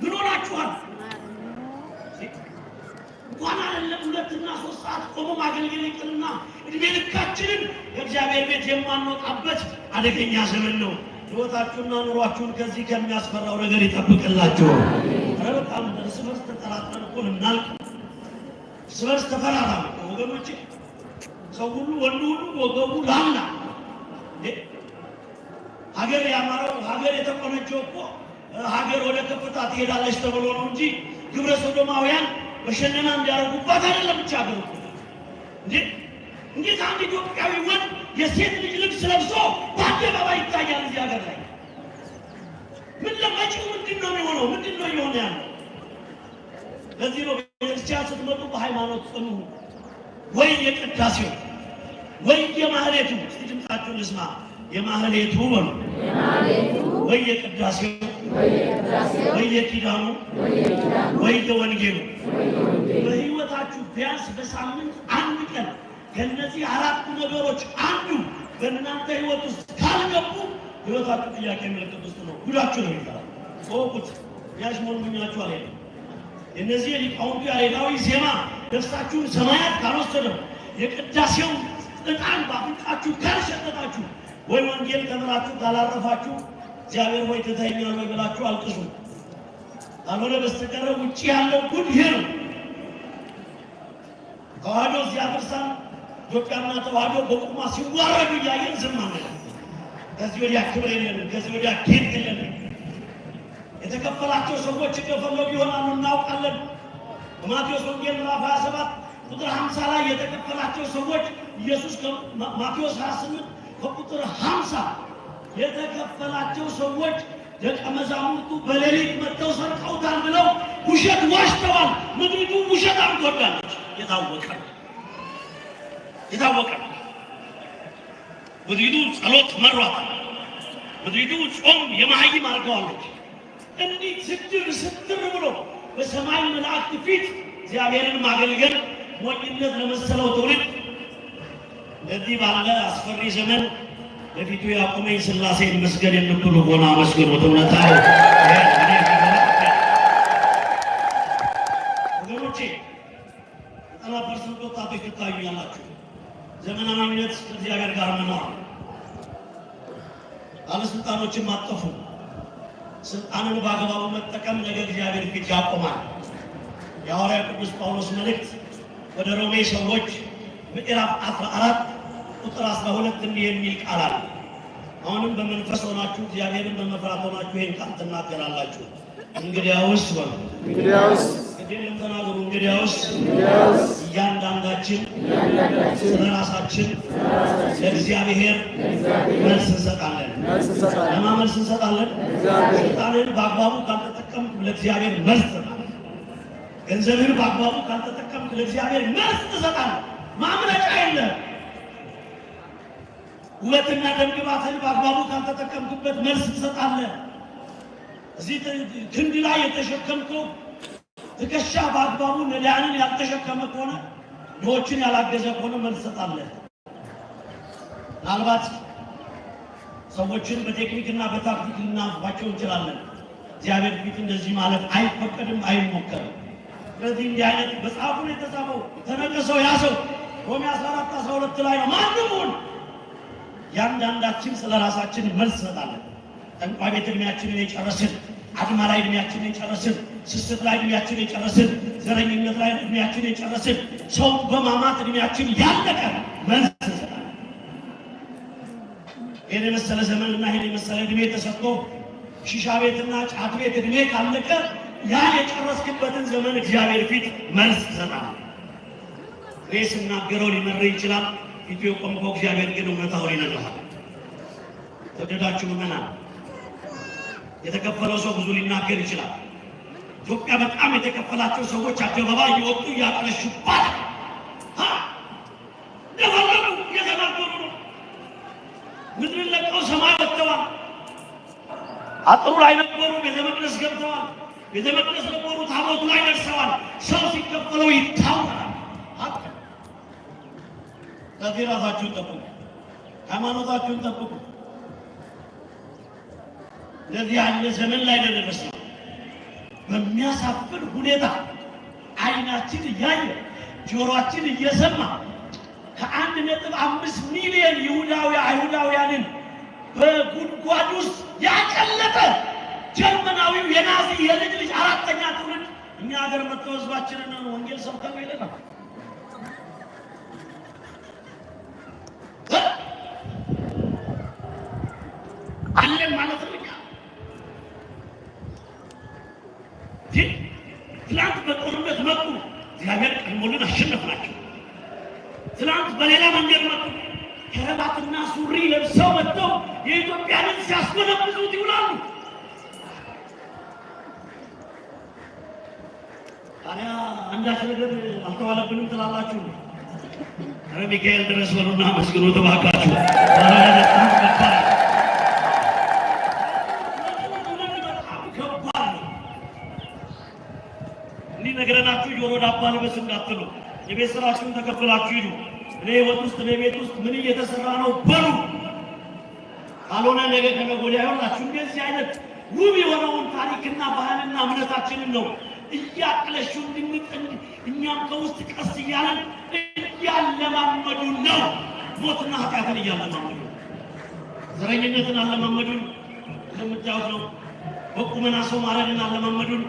ምን ሆናችኋል? እንኳን አይደለም ሁለትና ሶስት ሰዓት ቆሞ ማገልገል ይቅርና እድሜ ልካችንን ከእግዚአብሔር ቤት የማንወጣበት አደገኛ ዘመን ነው። ሕይወታችሁና ኑሯችሁን ከዚህ ከሚያስፈራው ነገር ይጠብቅላችሁ። ኧረ በጣም እርስ በርስ ተጠራጠር እኮ ልናልቅ፣ እርስ በርስ ተፈራራ ወገኖቼ። ሰው ሁሉ ወንዱ ሁሉ ወገቡ ላላ ሀገር ያማረው ሀገር የተቆነጀው እኮ ሀገር ወደ ከፍታ ትሄዳለች ተብሎ ነው እንጂ ግብረ ሶዶማውያን በሸነና እንዲያደርጉባት አይደለም። ብቻ ሀገር እንዴት አንድ ኢትዮጵያዊ ወንድ የሴት ልጅ ልብስ ለብሶ በአደባባይ ይታያል? እዚህ ሀገር ላይ ምን ለመጪው ምንድን ነው የሚሆነው? ምንድን ነው እየሆነ ያለው? ለዚህ ነው ቤተክርስቲያን ስትመጡ በሃይማኖት ጽኑ፣ ወይ የቅዳሴው ወይ የማህሌቱ። ድምፃችሁን ልስማ። የማህሌቱ በሉ ወይ የቅዳሴው ወይ የኪዳኑ ወይ የወንጌሉ በህይወታችሁ ቢያንስ በሳምንት አንድ ቀን ከነዚህ አራቱ ነገሮች አንዱ በእናንተ ህይወት ውስጥ ካልገቡ ህይወታችሁ ጥያቄ ምልክት ውስጥ ነው። ጉዳችሁ ነው ይባላል። ቁት ያሽሞልሙኛችሁ አልሄደ እነዚህ ሊቃውንቱ ያሬዳዊ ዜማ ደስታችሁን ሰማያት ካልወሰደው የቅዳሴውን እጣን ባፍንጫችሁ ካልሸጠታችሁ ወይ ወንጌል ተምራችሁ ካላረፋችሁ እግዚአብሔር ወይ ትተኛል ወይ ብላችሁ አልቅሱ። ካልሆነ በስተቀረ ውጭ ያለው ጉድ ይሄ ነው። ተዋህዶ ሲያፈርሳ ኢትዮጵያና ተዋህዶ በቁማ ሲዋረዱ እያየን ዝም ከዚህ ወዲያ ክብር የለንም፣ ከዚህ ወዲያ ጌጥ የለንም። የተከፈላቸው ሰዎች እንደፈለጉ ይሆናሉ፣ እናውቃለን። በማቴዎስ ወንጌል ምዕራፍ 27 ቁጥር 50 ላይ የተከፈላቸው ሰዎች ኢየሱስ ማቴዎስ 28 ከቁጥር ሀምሳ የተከፈላቸው ሰዎች ደቀ መዛሙርቱ በሌሊት መጥተው ሰርቀውታል ብለው ውሸት ዋሽተዋል። ምድሪቱ ውሸት አንጎዳለች። የታወቀ የታወቀ ምድሪቱ ጸሎት መሯታል። ምድሪቱ ጾም የማህይም አድርገዋለች። እንዲህ ስትር ስትር ብሎ በሰማይ መላእክት ፊት እግዚአብሔርን ማገልገል ሞኝነት ለመሰለው ትውልድ ለዚህ ባለ አስፈሪ ዘመን በፊቱ ያቆመኝ ስላሴ መስገን የምትሉ ሆነ አመስግኑት። እውነታው ወገኖቼ ዘጠና ፐርሰንት ወጣቶች ትታዩኛላችሁ። ዘመናዊነት ከእግዚአብሔር ጋር መኖር፣ ባለስልጣኖችን ማጠፉ፣ ስልጣንን በአግባቡ መጠቀም ነገ እግዚአብሔር ፊት ያቆማል። የሐዋርያ ቅዱስ ጳውሎስ መልእክት ወደ ሮሜ ሰዎች ምዕራፍ አስራ አራት ቁጥር 12 እንዲህ የሚል ቃል አለ። አሁንም በመንፈስ ሆናችሁ እግዚአብሔርን በመፍራት ሆናችሁ ይህን ቃል ትናገራላችሁ። እንግዲያውስ ወ እንግዲያውስ ግድም ተናገሩ። እንግዲያውስ እያንዳንዳችን ስለ ራሳችን ለእግዚአብሔር መልስ እንሰጣለን። ለማ መልስ እንሰጣለን? ስልጣንን በአግባቡ ካልተጠቀምክ ለእግዚአብሔር መልስ ትሰጣለህ። ገንዘብህን በአግባቡ ካልተጠቀምክ ለእግዚአብሔር መልስ ትሰጣለህ። ማምለጫ የለህም። ውበትና ደም ግባትን በአግባቡ ካልተጠቀምኩበት መልስ ትሰጣለህ። እዚህ ክንድ ላይ የተሸከምከው ትከሻ በአግባቡ ነዳያንን ያልተሸከመ ከሆነ ድሆችን ያላገዘ ከሆነ መልስ ትሰጣለህ። ምናልባት ሰዎችን በቴክኒክና በታክቲክ ልናባቸው እንችላለን። እግዚአብሔር ፊት እንደዚህ ማለት አይፈቀድም፣ አይሞከርም። ስለዚህ እንዲህ አይነት መጽሐፉን የተጻፈው ተነቀሰው ያ ሰው ሮሜ 14 12 ላይ ነው ማንም ያንዳንዳችን ስለ ራሳችን መልስ ሰጣለን። ጠንቋ ቤት እድሜያችንን የጨረስን፣ አድማ ላይ እድሜያችንን የጨረስን፣ ስስት ላይ እድሜያችን የጨረስን፣ ዘረኝነት ላይ እድሜያችን የጨረስን፣ ሰው በማማት እድሜያችን ያለቀ መልስ ሰጣለን። ይህን የመሰለ ዘመንና ይህን የመሰለ እድሜ ተሰጥቶ ሺሻ ቤትና ጫት ቤት እድሜ ካለቀ ያ የጨረስክበትን ዘመን እግዚአብሔር ፊት መልስ ትሰጣለህ። እኔ ስናገረው ሊመረ ይችላል ፊቱ የቆመው እግዚአብሔር ግን እውነታውን ይነግርሃል። ተወደዳችሁ ምዕመናን፣ የተከፈለው ሰው ብዙ ሊናገር ይችላል። ኢትዮጵያ በጣም የተከፈላቸው ሰዎች አደባባይ የወጡ እያቅለሹባት እንደፈለጉ እየተናገሩ ነው። ምድርን ለቀው ሰማይ ወጥተዋል። አጥሩ ላይ ነበሩ፣ ቤተ መቅደስ ገብተዋል። ቤተ መቅደስ ነበሩ፣ ታቦቱ ላይ ደርሰዋል። ሰው ሲከፈለው ይታወቃል። ከዚህ ራሳችሁን ጠብቁ፣ ሃይማኖታችሁን ጠብቁ። ለዚህ ያለ ዘመን ላይ ደረስ በሚያሳፍር ሁኔታ አይናችን እያየ ጆሮአችን እየሰማ ከአንድ ነጥብ አምስት ሚሊዮን ይሁዳዊ አይሁዳውያንን በጉድጓድ ውስጥ ያቀለጠ ጀርመናዊው የናዚ የልጅ ልጅ አራተኛ ትውልድ እኛ ሀገር መጥቶ ህዝባችንን ወንጌል ሰብከው ይለናል። ታዲያ አንዳች ነገር አልተዋለብንም ትላላችሁ። ሚካኤል ድረስ በሉና አመስግኑ ተባካችሁ። እንዲህ ነገረናችሁ ጆሮ ዳባ ልበስ እንዳትሉ፣ የቤት ስራችሁን ተከፍላችሁ ሂዱ። እኔ ወጥ ውስጥ እኔ ቤት ውስጥ ምን እየተሰራ ነው በሉ። ካልሆነ ነገ ከነገ ወዲያ ይሆናችሁ እንደዚህ አይነት ውብ የሆነውን ታሪክና ባህልና እምነታችንን ነው እያቅለሹ እንድንጥ እኛም ከውስጥ ቀስ እያለን እያለማመዱ ነው። ሞትና ኃጢአትን እያለማመዱ ዘረኝነትን አለማመዱን እንደምታዩት ነው። በቁመና ሰው ማረድን አለማመዱን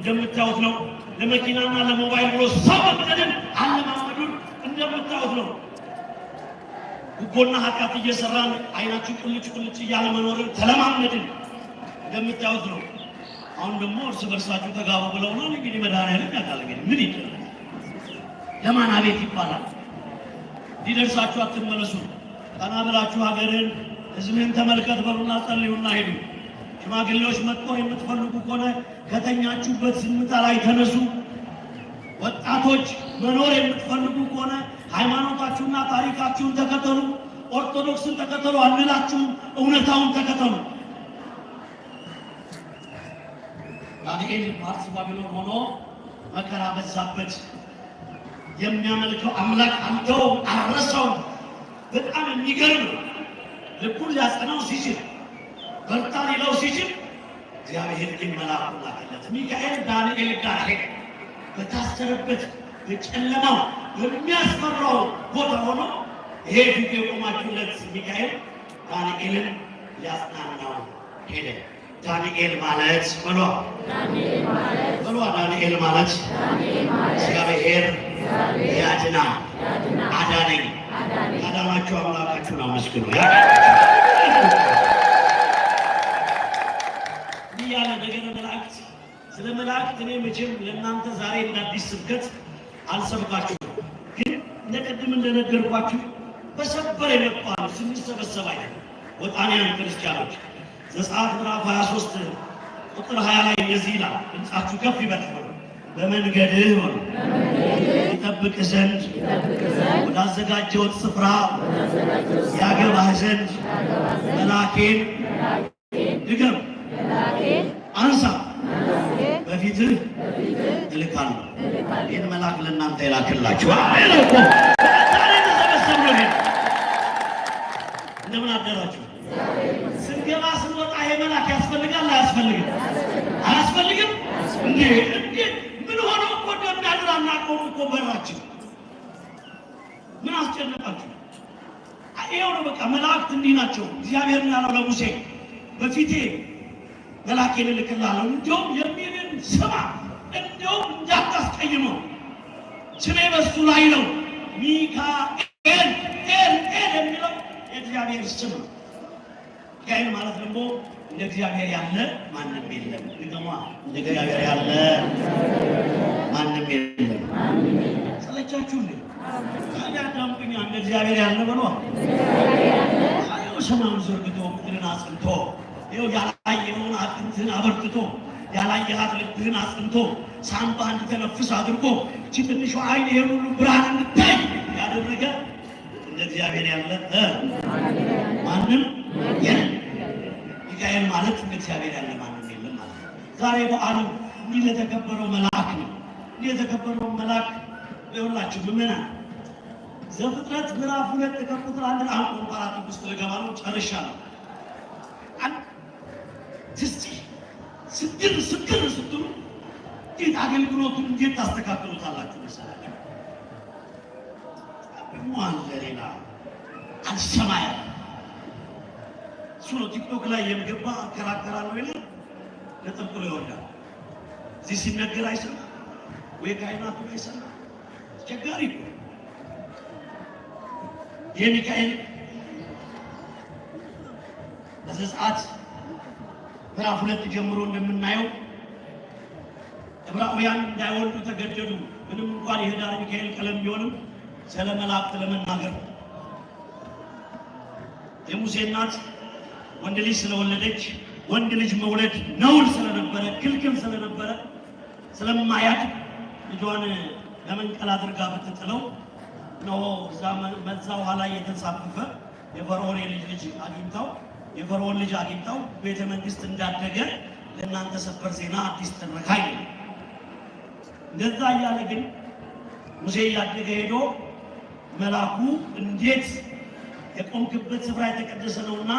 እንደምታዩት ነው። ለመኪናና ለሞባይል ብሎ ሰው መቅጠድን አለማመዱን እንደምታዩት ነው። ጉቦና ኃጢአት እየሰራን አይናችን ቁልጭ ቁልጭ እያለ መኖርን ተለማመድን እንደምታዩት ነው። አሁን ደግሞ እርስ በርሳችሁ ተጋቡ ነው እንግዲህ መድኃኒዓለም ያውቃል። እንግዲህ ምን ይችላል? ለማን አቤት ይባላል? ሊደርሳችሁ አትመለሱ። ቀና ብላችሁ ሀገርን ህዝብህን ተመልከት በሉና ጸልዩና ሄዱ። ሽማግሌዎች መጥቶ የምትፈልጉ ከሆነ ከተኛችሁበት ዝምታ ላይ ተነሱ። ወጣቶች መኖር የምትፈልጉ ከሆነ ሃይማኖታችሁና ታሪካችሁን ተከተሉ። ኦርቶዶክስን ተከተሉ አንላችሁም፣ እውነታውን ተከተሉ። ዳንኤል ማርስ ባቢሎን ሆኖ መከራ በዛበት። የሚያመልከው አምላክ አንተው አረሰው። በጣም የሚገርም ልኩን ሊያጸናው ሲችል በርታ ሊለው ሲችል እግዚአብሔር ግን መልአኩ ላከለት። ሚካኤል ዳንኤል ጋር ሄደ። በታሰረበት በጨለማው በሚያስፈራው ቦታ ሆኖ ይሄ ፊት የቆማችሁለት ሚካኤል ዳንኤልን ሊያጽናናው ሄደ። ዳንኤል ማለት ምኗ ብሎ ዳንኤል ማለት እግዚአብሔር ያድና አዳነኝ አዳናችሁ አምላካችሁን አመስግኑ እያለ ነገረ መላእክት ስለ መላእክት እኔ መቼም ለእናንተ ዛሬ እንደ አዲስ ስብከት አልሰብካችሁ ግን እንደቀድም እንደነገርኳችሁ በሰበር የመጣ ስንሰበሰብ አይደል ወጣንያን ክርስቲያኖች ዘጸአት ምዕራፍ 23 ቁጥር 20 ላይ እንደዚህ ይላል፣ ድምፃችሁ ከፍ ይበል በመንገድህ ሆኖ ይጠብቅህ ዘንድ ወዳዘጋጀሁት ስፍራ ያገባህ ዘንድ መላኬን ድገም አንሳ በፊትህ እልካለሁ። ይህን መልአክ ለእናንተ ይላክላችሁ። እንደምን አደራችሁ? እንዴ እንዴት ምን ሆነው እኮ እንደሚያድር አናውቀውም እኮ በራችን ምን አስጨነቃችሁ? ይኸው ነው በቃ መላእክት እንዲህ ናቸው። እግዚአብሔር እንዳለው ለሙሴ በፊቴ መላኬን እልክልሃለሁ፣ እንዲሁም የሚልን ስማ፣ እንዲሁም እንዳታስቀይመው ስሜ በሱ ላይ ነው ሚካ ሚካኤል ማለት ደግሞ እንደ እግዚአብሔር ያለ ማንም የለም። ይገማ እንደ እግዚአብሔር ያለ ማንም የለም። ሰለቻችሁ ነ ታዲያ ዳምቅኛ እንደ እግዚአብሔር ያለ ብሎ ሰማዩን ዘርግቶ ምድርን አጽንቶ ይኸው ያላየኸውን አጥንትን አበርትቶ ያላየሃት ልብህን አጽንቶ ሳምባ እንድተነፍስ አድርጎ እቺ ትንሿ አይን ይሄን ሁሉ ብርሃን እንድታይ ያደረገ እንደ እግዚአብሔር ያለ ማንም የለም። ሚካኤል ማለት እንደ እግዚአብሔር ያለ ማንም የለም ማለት ነው። ዛሬ በዓለም እንዲህ ለተከበረው መልአክ ነው። እንዲህ የተከበረው መልአክ ይሁላችሁ ምእመናን። ዘፍጥረት ምዕራፍ ሁለት ከቁጥር አንድ አንድ ቆራጥ ውስጥ ልገባ ነው፣ ጨርሻለሁ። እስቲ ስግር ስግር ስትሉ እንዴት አገልግሎቱን እንዴት ታስተካክሉታላችሁ መሰላችሁ? ደግሞ አለ ሌላ አልሰማ እሱ ነው ቲክቶክ ላይ የሚገባ አከራከራለሁ የለ ተጠንቅሎ ይወርዳል። እዚህ ሲነገር አይሰማ ወይ ከአይናቱ አይሰማ። አስቸጋሪ የሚካኤል በዘጸአት ምዕራፍ ሁለት ጀምሮ እንደምናየው ዕብራውያን እንዳይወልዱ ተገደዱ። ምንም እንኳን የህዳር ሚካኤል ቀለም ቢሆንም ስለ መላእክት ለመናገር የሙሴ እናት ወንድ ልጅ ስለወለደች ወንድ ልጅ መውለድ ነውር ስለነበረ ክልክል ስለነበረ ስለማያድ ልጇን ለመንቀል አድርጋ ብትጥለው ነው። በዛ ኋላ የተንሳፈፈ የፈርዖን የልጅ ልጅ አግኝተው የፈርዖን ልጅ አግኝታው ቤተ መንግስት እንዳደገ ለእናንተ ሰበር ዜና አዲስ ትረካይ እንደዛ እያለ ግን ሙሴ እያደገ ሄዶ መልአኩ እንዴት የቆምክበት ስፍራ የተቀደሰ ነውና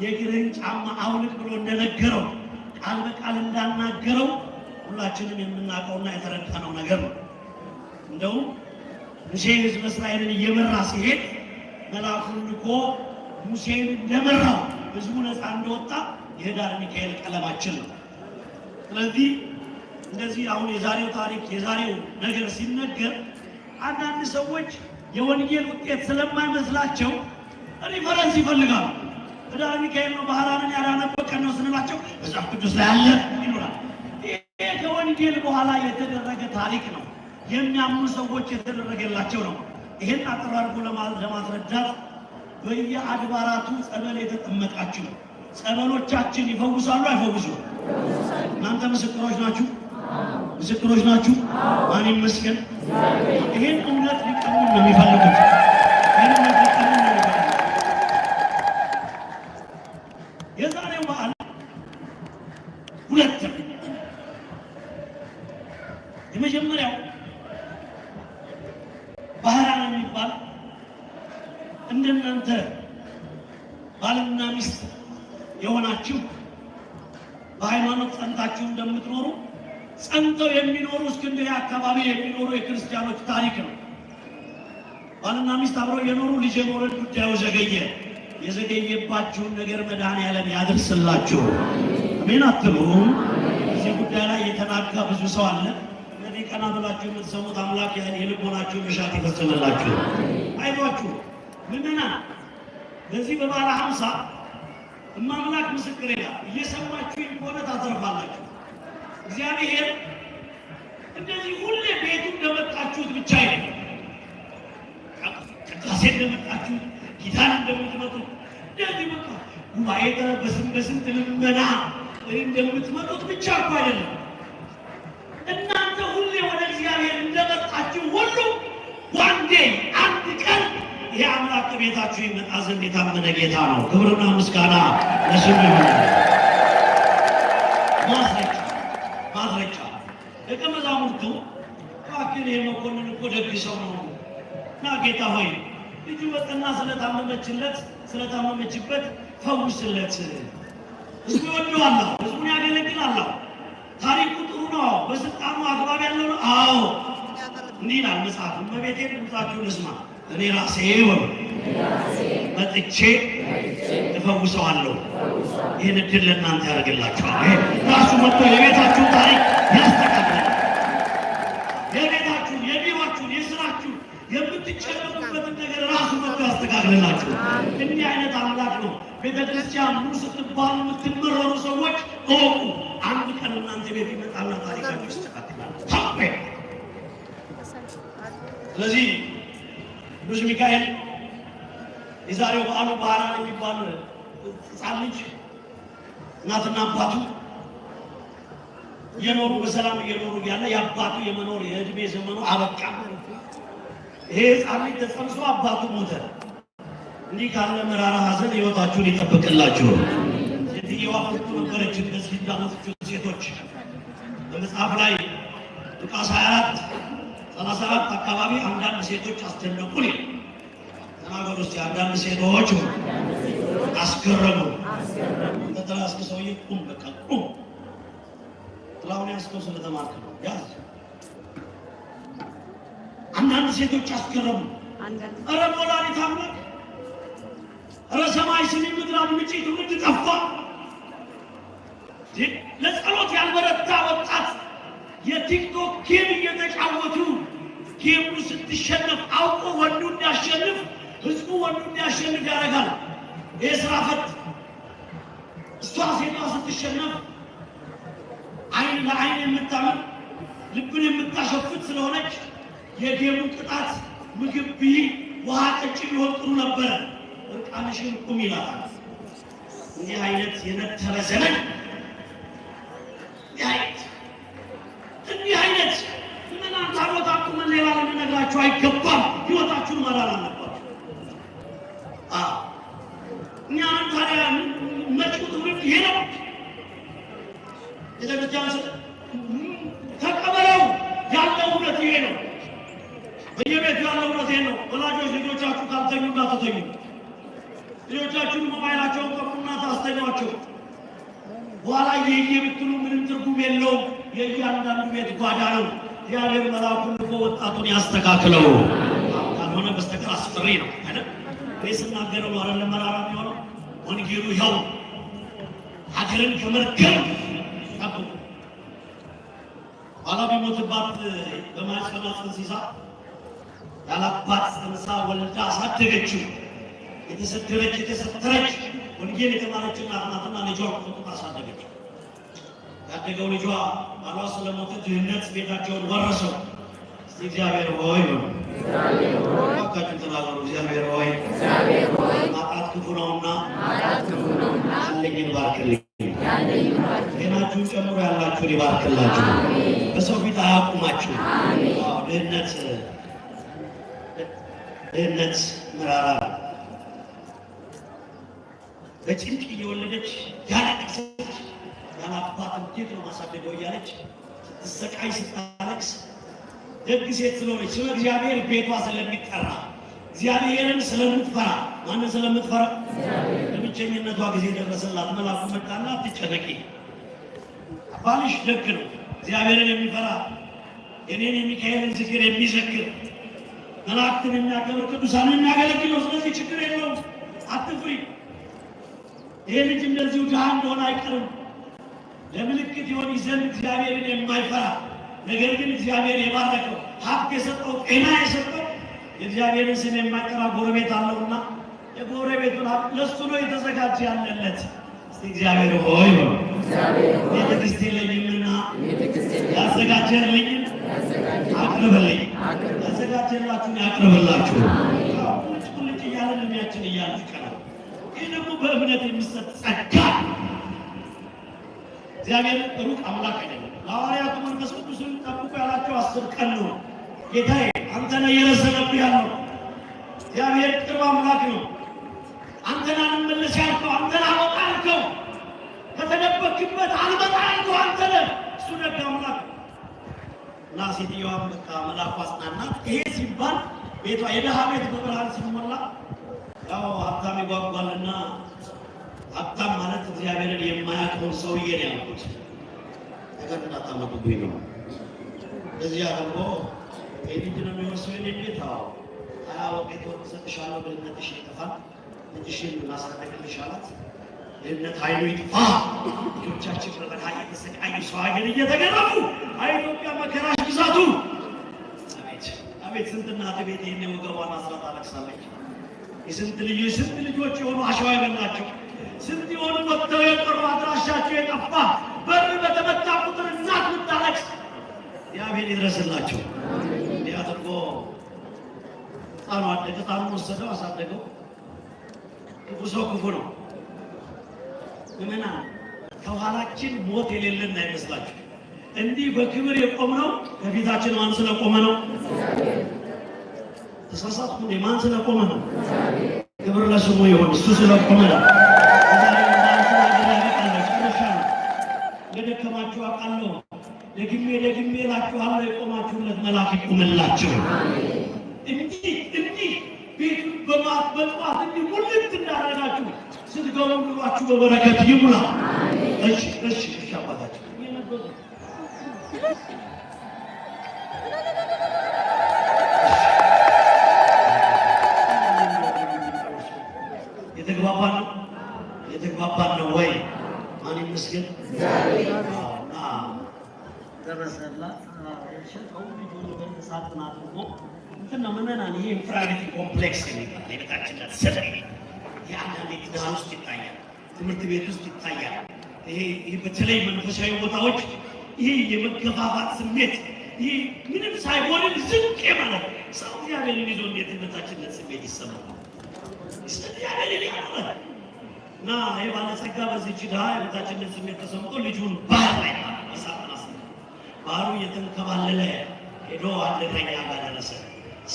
የእግርህን ጫማ አውልቅ ብሎ እንደነገረው ቃል በቃል እንዳናገረው ሁላችንም የምናውቀውና የተረዳነው ነገር ነው። እንደውም ሙሴ ሕዝብ እስራኤልን እየመራ ሲሄድ መልአኩን ልኮ ሙሴን እንደመራው ሕዝቡ ነፃ እንደወጣ የህዳር ሚካኤል ቀለማችን ነው። ስለዚህ እንደዚህ አሁን የዛሬው ታሪክ የዛሬው ነገር ሲነገር አንዳንድ ሰዎች የወንጌል ውጤት ስለማይመስላቸው ሪፈረንስ ይፈልጋሉ። ቅዱስ ሚካኤል ነው ባህራንን ያዳነበት ቀን ነው ስንላቸው መጽሐፍ ቅዱስ ላይ አለ ይሉናል። ይሄ ከወንጌል በኋላ የተደረገ ታሪክ ነው። የሚያምኑ ሰዎች የተደረገላቸው ነው። ይህን አጠራርጎ ለማስረዳት በየአድባራቱ ጸበል የተጠመቃችሁ ጸበሎቻችን ይፈውሳሉ አይፈውሱ? እናንተ ምስክሮች ናችሁ፣ ምስክሮች ናችሁ። ማን ይመስገን። ይህን እውነት ሊቀሙ ነው የሚፈልጉት። ባልና ሚስት የሆናችሁ በሃይማኖት ጸንታችሁ እንደምትኖሩ ጸንተው የሚኖሩ እስክንድርያ አካባቢ የሚኖሩ የክርስቲያኖች ታሪክ ነው። ባልና ሚስት አብረው የኖሩ ልጅ የመውለድ ጉዳዩ ዘገየ። የዘገየባችሁን ነገር መድኃኔዓለም ያድርስላችሁ። አሜን አትሉም? እዚህ ጉዳይ ላይ የተናጋ ብዙ ሰው አለ። እነዚህ ቀና ብላችሁ የምትሰሙት አምላክ የልቦናችሁ ምሻት ይፈጽምላችሁ። አይዟችሁ ምንና በዚህ በባለ ሀምሳ እማምላክ ምስክር ነው። እየሰማችሁ ከሆነ ታዘርፋላችሁ። እግዚአብሔር እንደዚህ ሁሌ ቤቱ እንደመጣችሁት ብቻ ይ ቅዳሴ እንደመጣችሁ ኪዳን እንደምትመጡ እንደዚህ በቃ ጉባኤ ጠረ በስም በስንት ልመና እንደምትመጡት ብቻ እኮ አይደለም። እናንተ ሁሌ ወደ እግዚአብሔር እንደመጣችሁ ሁሉ ዋንዴ አንድ ቀን ይሄ አምላክ ቤታችሁ ይመጣ ዘንድ የታመነ ጌታ ነው። ክብርና ምስጋና ለስሙ ይሁን። ማስረጃ ማስረጃ ደቀ መዛሙርቱ እባክህን ይሄ መኮንን እኮ ደግ ሰው ነው እና ጌታ ሆይ ልጁ ወጥና ስለታመመችለት ስለታመመችበት ፈውስለት። ህዝቡ ይወደዋለሁ፣ ህዝቡን ያገለግላለሁ፣ ታሪኩ ጥሩ ነው፣ በስልጣኑ አግባብ ያለው ነው። አዎ እንዲህ ይላል መጽሐፍ። እመቤቴ ድምፃችሁን እስማ እኔ ራሴ ወሩ መጥቼ እፈውሰዋለሁ። ይህን እድል ለእናንተ ያደርግላችኋል። ራሱ መጥቶ የቤታችሁን ታሪክ ያስተካክላል። የቤታችሁን፣ የቢሮችሁን፣ የስራችሁን የምትጨነቁበትን ነገር ራሱ መጥቶ ያስተካክልላችሁ። እንዲህ አይነት አምላክ ነው። ቤተክርስቲያን ኑ ስትባሉ የምትመረሩ ሰዎች እወቁ። አንድ ቀን እናንተ ቤት ይመጣና ታሪካችሁ ይስተካክላል። ስለዚህ ቅዱስ ሚካኤል የዛሬው በዓሉ ባህራን የሚባል ሕፃን ልጅ እናትና አባቱ እየኖሩ በሰላም እየኖሩ እያለ የአባቱ የመኖር የእድሜ ዘመኑ አበቃ። ይሄ ሕፃን ልጅ ተጸንሶ አባቱ ሞተ። እንዲህ ካለ መራራ ሀዘን ህይወታችሁን ይጠብቅላችሁ። ሴትየዋ ፍቱ ነበረች። እንደዚህ እንዳመጡት ሴቶች በመጽሐፍ ላይ ሉቃስ 24 ሰላሳ አራት አካባቢ አንዳንድ ሴቶች አስደነቁ ተናገሩ እስኪ። አንዳንድ ሴቶች አስገረሙ። ተተላስክ ሰውዬ ቁም፣ በቃ ቁም። ጥላሁን ያስከው ስለተማርክ ነው። ያዝ አንዳንድ ሴቶች አስገረሙ። ኧረ ሞላሊት አምላክ፣ ኧረ ሰማይ ስሚ፣ ምድር አድምጪ፣ ትውልድ ጠፋ። ለጸሎት ያልበረታ ወጣት የቲክቶክ ጌም እየተጫወቱ ጌሙ ስትሸነፍ አውቆ ወንዱ እንዲያሸንፍ ህዝቡ ወንዱ እንዲያሸንፍ ያደርጋል። ይህ ስራ ፈት እሷ ሴቷ ስትሸነፍ አይን ለአይን የምታምን ልብን የምታሸፍት ስለሆነች የጌሙ ቅጣት ምግብ ብይ፣ ውሃ ጠጭ ቢሆን ጥሩ ነበረ። እርቃንሽን ቁም ይላታል። እንዲህ አይነት የነተረ ዘመን አባት በማህፀኗ ጽንስ ይዛ ያላባት ጸንሳ ወልዳ አሳደገችው። የተሰደረች የተሰተረች ወንጌል የተማረች እናት ልጇ ቁጥጥ አሳደገችው። ያደገው ልጇ ባሏ ስለሞተ ድህነት ቤታቸውን ወረሰው። እስቲ እግዚአብሔር ሆይ ነው አባታችን ተናገሩ። እግዚአብሔር ሆይ ማጣት ክፉ ነውና፣ ጸልይን ባርክልኝ ጤናችሁን ጨምሮ ያላችሁ ይባርክላችሁ። በሰው ፊት አያቁማችሁ። ድህነት ድህነት ምራራ በጭንቅ እየወለደች ያለቅሰች ያለ አባት እንዴት ነው ማሳደገው እያለች ስትሰቃይ ስታለቅስ ደግ ሴት ስለሆነች ስለ እግዚአብሔር ቤቷ ስለሚጠራ እግዚአብሔርን ስለምትፈራ ማን ስለምትፈራ ለብቸኝነቷ ጊዜ ደረሰላት። መላኩ መጣና አትጨነቂ፣ አባልሽ ደግ ነው፣ እግዚአብሔርን የሚፈራ የኔን የሚካኤልን ዝክር የሚዘክር መላእክትን የሚያከብር ቅዱሳንን የሚያገለግል ነው። ስለዚህ ችግር የለውም፣ አትፍሪ። ይሄ ልጅ እንደዚሁ ድሃ እንደሆነ አይቀርም። ለምልክት ይሆን ዘንድ እግዚአብሔርን የማይፈራ ነገር ግን እግዚአብሔር የባረከው ሀብት የሰጠው ጤና የሰጠው የእግዚአብሔርን ስም የማይጠራ ጎረቤት አለውና የጎረቤቱን ለሱ ነው የተዘጋጀ ያለለት። እግዚአብሔር ሆይ ቤተክርስቲያንልኝና ያዘጋጀልኝ አቅርብልኝ፣ ያዘጋጀላችሁን ያቅርብላችሁ። ቁልጭ እያለ እድሜያችን እያለቀ ነው። ይህ ደግሞ በእምነት የሚሰጥ ጸጋ። እግዚአብሔር ሩቅ አምላክ አይደለም። ለሐዋርያቱ መንፈስ ቅዱስን ጠብቁ ያላቸው አስር ቀን ነው። ጌታዬ አንተን እየረዘመብህ ያለው እግዚአብሔር ቅርብ አምላክ ነው። አንተን አንመለስ ያልከው አንተን አወጣ ያልከው ከተደበክበት አልመጣ ያልከው አንተነ እሱ ደግ አምላክ እና ሴትዮዋን በቃ መላኩ አጽናናት። ይሄ ሲባል ቤቷ የደሃ ቤት በብርሃን ሲሞላ ያው ሀብታም ይጓጓልና ሀብታም ማለት እግዚአብሔርን የማያውቀውን ሰውዬ ነው ያልኩት ነገር እንዳታመጡብኝ ነው እዚያ ደግሞ የግድ ነው የሚመስሉኝ እንዴት? አዎ ሀያ ሰጥሻለሁ ብልነትሽ ይጥፋ፣ ልጅሽን ማሳደግ ይሻላት። ድህነት ኃይሉ ይጥፋ። ልጆቻችን በበረሃ እየተሰቃዩ ሰው ሀገር እየተገረፉ ኢትዮጵያ መከራሽ ብዛቱ አቤት ስንት እናት ቤት ይህን ወገቧን አስራት አለቅሳለች። የስንት ልዩ የስንት ልጆች የሆኑ አሸዋ ይበላቸው ስንት የሆኑ ወጥተው የቀሩ አድራሻቸው የጠፋ በር በተመታ ቁጥር እናት ምታለቅስ። እግዚአብሔር ይድረስላቸው። አድርጎ ህፃኑ አደገ። ህፃኑ ወሰደው፣ አሳደገው። ጉዞ ክፉ ነው። ምና ከኋላችን ሞት የሌለን አይመስላችሁ። እንዲህ በክብር የቆምነው ከፊታችን ማን ስለቆመ ነው? ተሳሳትኩ። ማን ስለቆመ ነው? ክብር ለስሙ ይሁን። እሱ ስለቆመ ነው። ደግሜ ደግሜ እላችኋለሁ የቆማችሁለት መልአክ ይቁምላችሁ። እንዲህ እንዲህ ቤቱን በማት በጥዋት እንዲህ ሙልት እንዳረጋችሁ ስትገቡ ኑሯችሁ በበረከት ይሙላ። እሺ፣ እሺ፣ እሺ አባታችሁ የተግባባን ነው ወይ? ማን ይመስገን። ደረሰላት ሸጠው ልጁ ኮምፕሌክስ የሚባል የበታችነት ስለ የአንዳንድ ትዳር ውስጥ ይታያል፣ ትምህርት ቤት ውስጥ ይታያል። ይሄ በተለይ መንፈሳዊ ቦታዎች ይሄ የመገፋፋት ስሜት ይህ ምንም ሳይሆንን ዝቅ የማለት ሰው እግዚአብሔርን ይዞ እንዴት የበታችነት ስሜት ይሰማል? እና ይህ ባለጸጋ በዚህ ችዳ የበታችነት ስሜት ተሰምቶ ልጁን ባህር ላይ ሳና ባሩ እየተንከባለለ ሄዶ አለተኛ ባደረሰ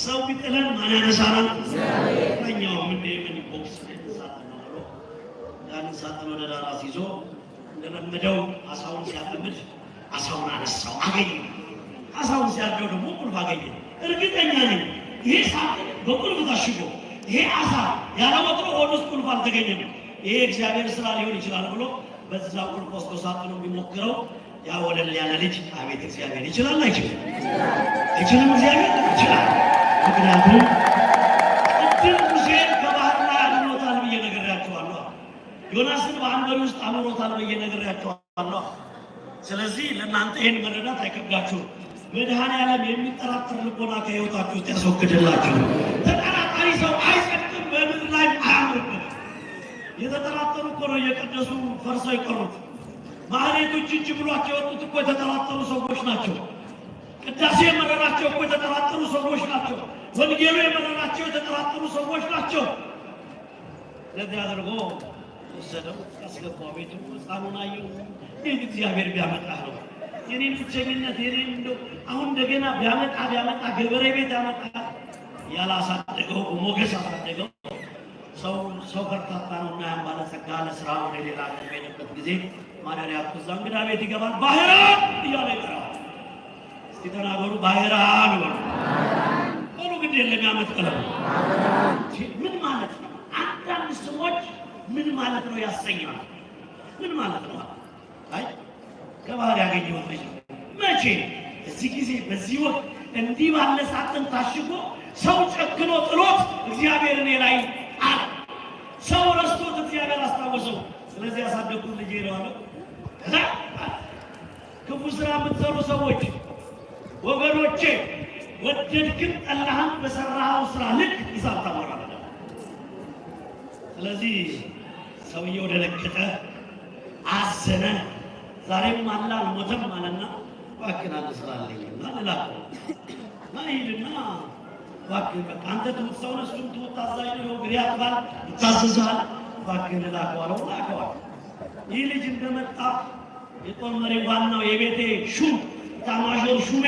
ሰው ቢጥለን ማን ያነሳራል? ተኛው ምን ምን ቦክስ ሳጥኖ ያንን ሳጥን ወደ ዳር ይዞ እንደለመደው አሳውን ሲያጠምድ አሳውን አነሳው አገኘ። አሳውን ሲያደው ደግሞ ቁልፍ አገኘ። እርግጠኛ ነኝ ይሄ ሳጥን በቁልፍ ታሽጎ ይሄ አሳ ያለወጥሮ ሆድ ውስጥ ቁልፍ አልተገኘም። ይሄ እግዚአብሔር ስራ ሊሆን ይችላል ብሎ በዛ ቁልፍ ወስዶ ሳጥኑ ቢሞክረው ያ ወለል ያለ ልጅ አቤት እግዚአብሔር ይችላል አይችልም? አይችልም። እግዚአብሔር ይችላል። ምክንያቱም ቅድም ሙሴን በባህር ላይ አኑሮታል ብዬ ነግሬያቸዋለሁ። ዮናስን በአንበሪ ውስጥ አምሮታል ብዬ ነግሬያቸዋለሁ። ስለዚህ ለእናንተ ይህን መረዳት አይከብዳችሁም። መድኃኔዓለም የሚጠራጠር ልቦና ከህይወታችሁ ውስጥ ያስወግድላችሁ። ተጠራጣሪ ሰው አይጸድቅም፣ በምድር ላይ አያምርም። የተጠራጠሩ እኮ ነው እየቀደሱ ፈርሰው የቀሩት ማህሌቶች እጅ ብሏቸው የወጡት እኮ የተጠራጠሩ ሰዎች ናቸው። ቅዳሴ የመረራቸው እኮ የተጠራጠሩ ሰዎች ናቸው። ወንጌሉ የመረራቸው የተጠራጠሩ ሰዎች ናቸው። ለዚህ አድርጎ ወሰደው ያስገባው ቤቱ። ህፃኑን አየው። ይህ እግዚአብሔር ቢያመጣ ነው የኔን ብቸኝነት የኔን እንደው አሁን እንደገና ቢያመጣ ቢያመጣ ገበሬ ቤት ያመጣ ያላሳደገው ሞገስ አሳደገው። ሰው ሰው ከርታታ ነው እና ያን ባለጸጋ ለስራ ወደ ሌላ ሄደበት ጊዜ ማዳን ያጡ እንግዳ ቤት ይገባል። ባህራ እያለ ይጠራል። እስቲ ተናገሩ፣ ባህራን ይሆ በሉ ግድ የለም ያመጥቅለ ምን ማለት ነው? አንዳንድ ስሞች ምን ማለት ነው ያሰኛል። ምን ማለት ነው? አይ ከባህር ያገኘሁት ልጅ መቼ እዚህ ጊዜ በዚህ ወቅት እንዲህ ባለ ሳጥን ታሽጎ ሰው ጨክኖ ጥሎት እግዚአብሔር እኔ ላይ አለ። ሰው ረስቶት እግዚአብሔር አስታወሰው። ስለዚህ ያሳደግኩት ልጄ ነው አለ። ክፉ ስራ የምትሰሩ ሰዎች ወገኖቼ፣ ወደድክም ጠላህም በሰራኸው ስራ ልክ ሂሳብ ታወራለህ። ስለዚህ ሰውየው ደነገጠ፣ አዘነ። ዛሬም አለ አልሞተም አለና እባክህን አንድ ስራ አለኝና ልላከው እና እባክህን በቃ አንተ ትውት ሰውነህ እሱም ትውት ታዛዥ ነው፣ እግር ያጥባል፣ ይታዘዝሃል። እባክህን ልላከው አለው። ይህ ልጅ እንደመጣ የጦር መሪ ዋናው የቤቴ ሹም ታማዦር ሹሜ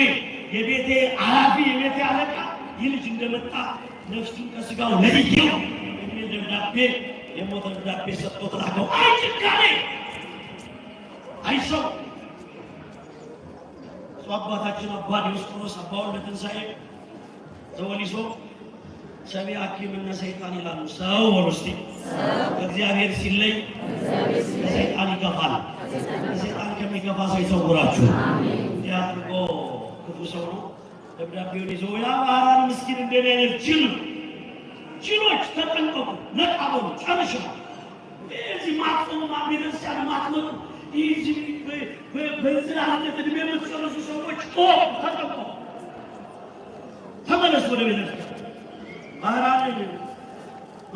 የቤቴ አላፊ የቤቴ አለቃ ይህ ልጅ እንደመጣ ነፍሱን ከስጋው ለይየው የሚል ደብዳቤ የሞት ደብዳቤ ሰጥቶት ላከው። አይ ጭካኔ! አይ ሰው እሱ አባታችን አባ ዲዮስቆሮስ አባ ወልደ ትንሣኤ ሰብአ አኪምነ ሰይጣን ይላሉ። ሰው ወርስቲ እግዚአብሔር ሲለይ ሰይጣን ይገፋል። ሰይጣን ከሚገፋ ሰው ይሰውራችሁ። ያድርጎ ክፉ ሰው ነው። ደብዳቤውን ይዞ ያ ባህራን ምስኪን እንደኔ አይነት ጅል ጅሎች ተጠንቀቁ፣ ነቃ በሉ፣ ጨርሽ እዚህ ማጥሙ ቤተክርስቲያን ማጥመጡ ይህ በዘላለት እድሜ የምትጨርሱ ሰዎች ተጠንቀቁ፣ ተመለሱ ወደ ቤተክርስቲያን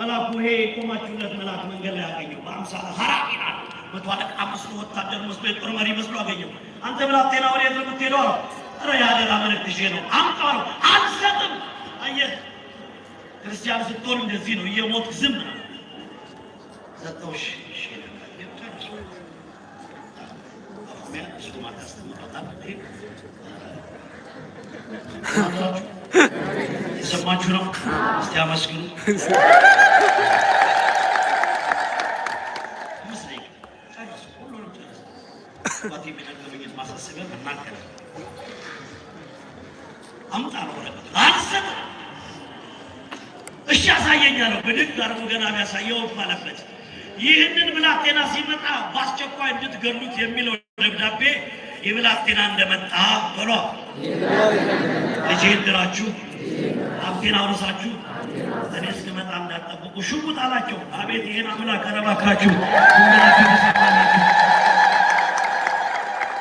መላኩ ይሄ የቆማችሁለት መልአክ መንገድ ላይ አገኘው። በአምሳ ሀራቅ ይላል መቶ አለቃ ምስሎ ወታደር መስሎ የጦር መሪ መስሎ አገኘው። አንተ ብላቴና ወዴት ነው የምትሄደው አለው። ኧረ የአደራ መልእክት ይዤ ነው አምጣ አለው። አልሰጥም። አየህ ክርስቲያን ስትሆን እንደዚህ ነው፣ እየሞት ዝም ነው ሰጠውሽ ሽማታስተምጣ እየሰማችሁ ነው። እስቲ አመስግኑ። እሺ አሳየኛ ነው ብድግ አርጎ ገና የሚያሳየው አለበት። ይህንን ብላቴና ሲመጣ በአስቸኳይ እንድትገሉት የሚለው ደብዳቤ የብላቴና እንደመጣ በሏ ልጅ ድራችሁ አፌን አውርሳችሁ እኔ እስክመጣ እንዳትጠብቁ። ሽጉጥ አላቸው። አቤት ይህን አምላክ አረባካችሁ ንገራቸው ተሰባላቸው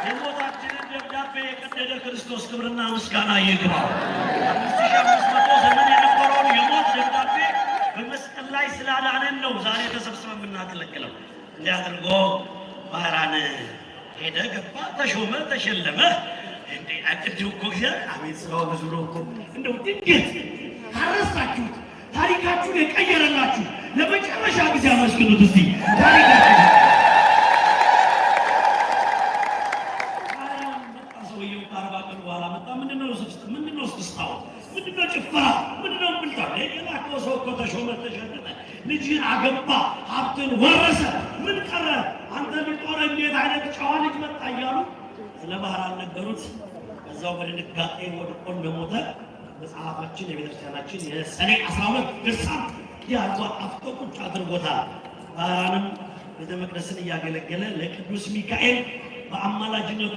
የሞታችንን ደብዳቤ የቀደደ ክርስቶስ ክብርና ምስጋና ይግባው። አምስት መቶ ዘመን የነበረውን የሞት ደብዳቤ በመስቀል ላይ ስላዳነን ነው ዛሬ ተሰብስበን የምናገለግለው። እንዲህ አድርጎ ባህራን ሄደ፣ ገባ፣ ተሾመ፣ ተሸለመ። እንዲሁ እኮ እግዚአብሔር አቤት ስራው ብዙ ነው እኮ እንደው ድንገት ካረሳችሁት ታሪካችሁን የቀየረላችሁ ለመጨረሻ ጊዜ አመስግኑት እስቲ ልጅን አገባ ሀብትን ወረሰ ምን ቀረ አንተ ልጦረ እንዴት አይነት ጨዋ ልጅ መጣ እያሉ ስለ ባህር አልነገሩት እዛው በድንጋጤ ወድቆ እንደሞተ መጽሐፋችን የቤተክርስቲያናችን የሰኔ አስራ ሁለት ድርሳን ያርጎ አፍቶ ቁጭ አድርጎታል። ባህራንም ቤተ መቅደስን እያገለገለ ለቅዱስ ሚካኤል በአማላጅነቱ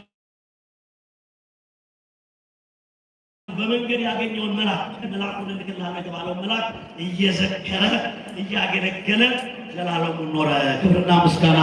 በመንገድ ያገኘውን መልአክ መልአኩ ልልክልሃለሁ የተባለውን መልአክ እየዘከረ እያገለገለ ዘላለሙ ኖረ። ክብርና ምስጋና